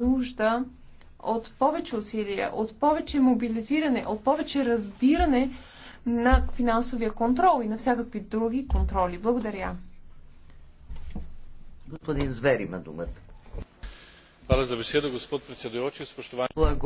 нужда от повече усилия, от повече мобилизиране, от повече разбиране на финансовия контрол и на всякакви други контроли. Благодаря. Господин Звери има думата. Hvala za besedo, gospod predsedujoči. Spoštovani.